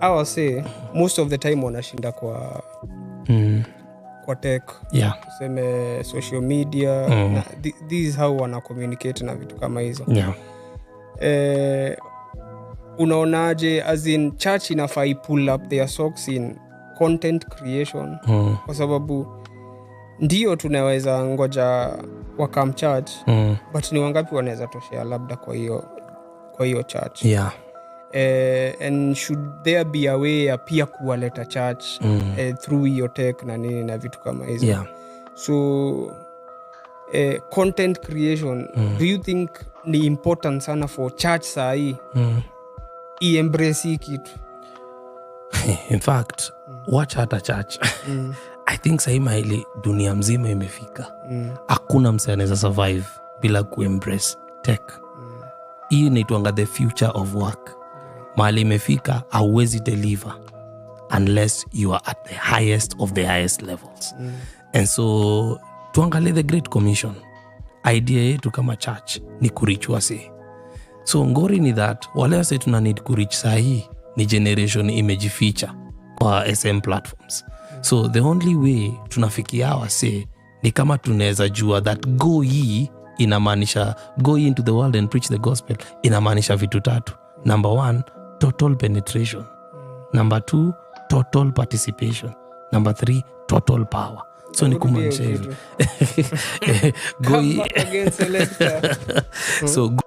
au most of the time wanashinda kwa mm. kwa tek yeah. tuseme social media mm. na, th- this how wana communicate na vitu kama hizo yeah. eh, unaonaje asin church inafaa ipull up their socks in content creation mm. kwa sababu ndio tunaweza ngoja wakam church mm. but ni wangapi wanaweza toshea labda kwa hiyo kwa hiyo church yeah Uh, and should there be a way ya pia kuwaleta church mm. uh, through hiyo tech na nini na vitu kama hizo yeah. so uh, content creation mm. do you think ni important sana for church saa hii mm. iembrace hii kitu in fact mm. watch hata church mm. i think sahii mahili dunia mzima imefika mm. hakuna mm. mse anaweza survive bila kuembrace tech mm. hii inaitwanga the future of work mahali imefika hauwezi deliver unless you are at the highest of the highest levels mm. and so tuangalie the great commission idea yetu kama church ni kurichwa wasi so ngori ni that wale wase tuna need kurich sahii ni generation imejificha kwa sm platforms mm. so the only way tunafikia wase ni kama tunaweza jua that go ye inamaanisha go ye into the world and preach the gospel inamaanisha vitu tatu number one total penetration number two total participation number three total power so ni kumanisha hivyo so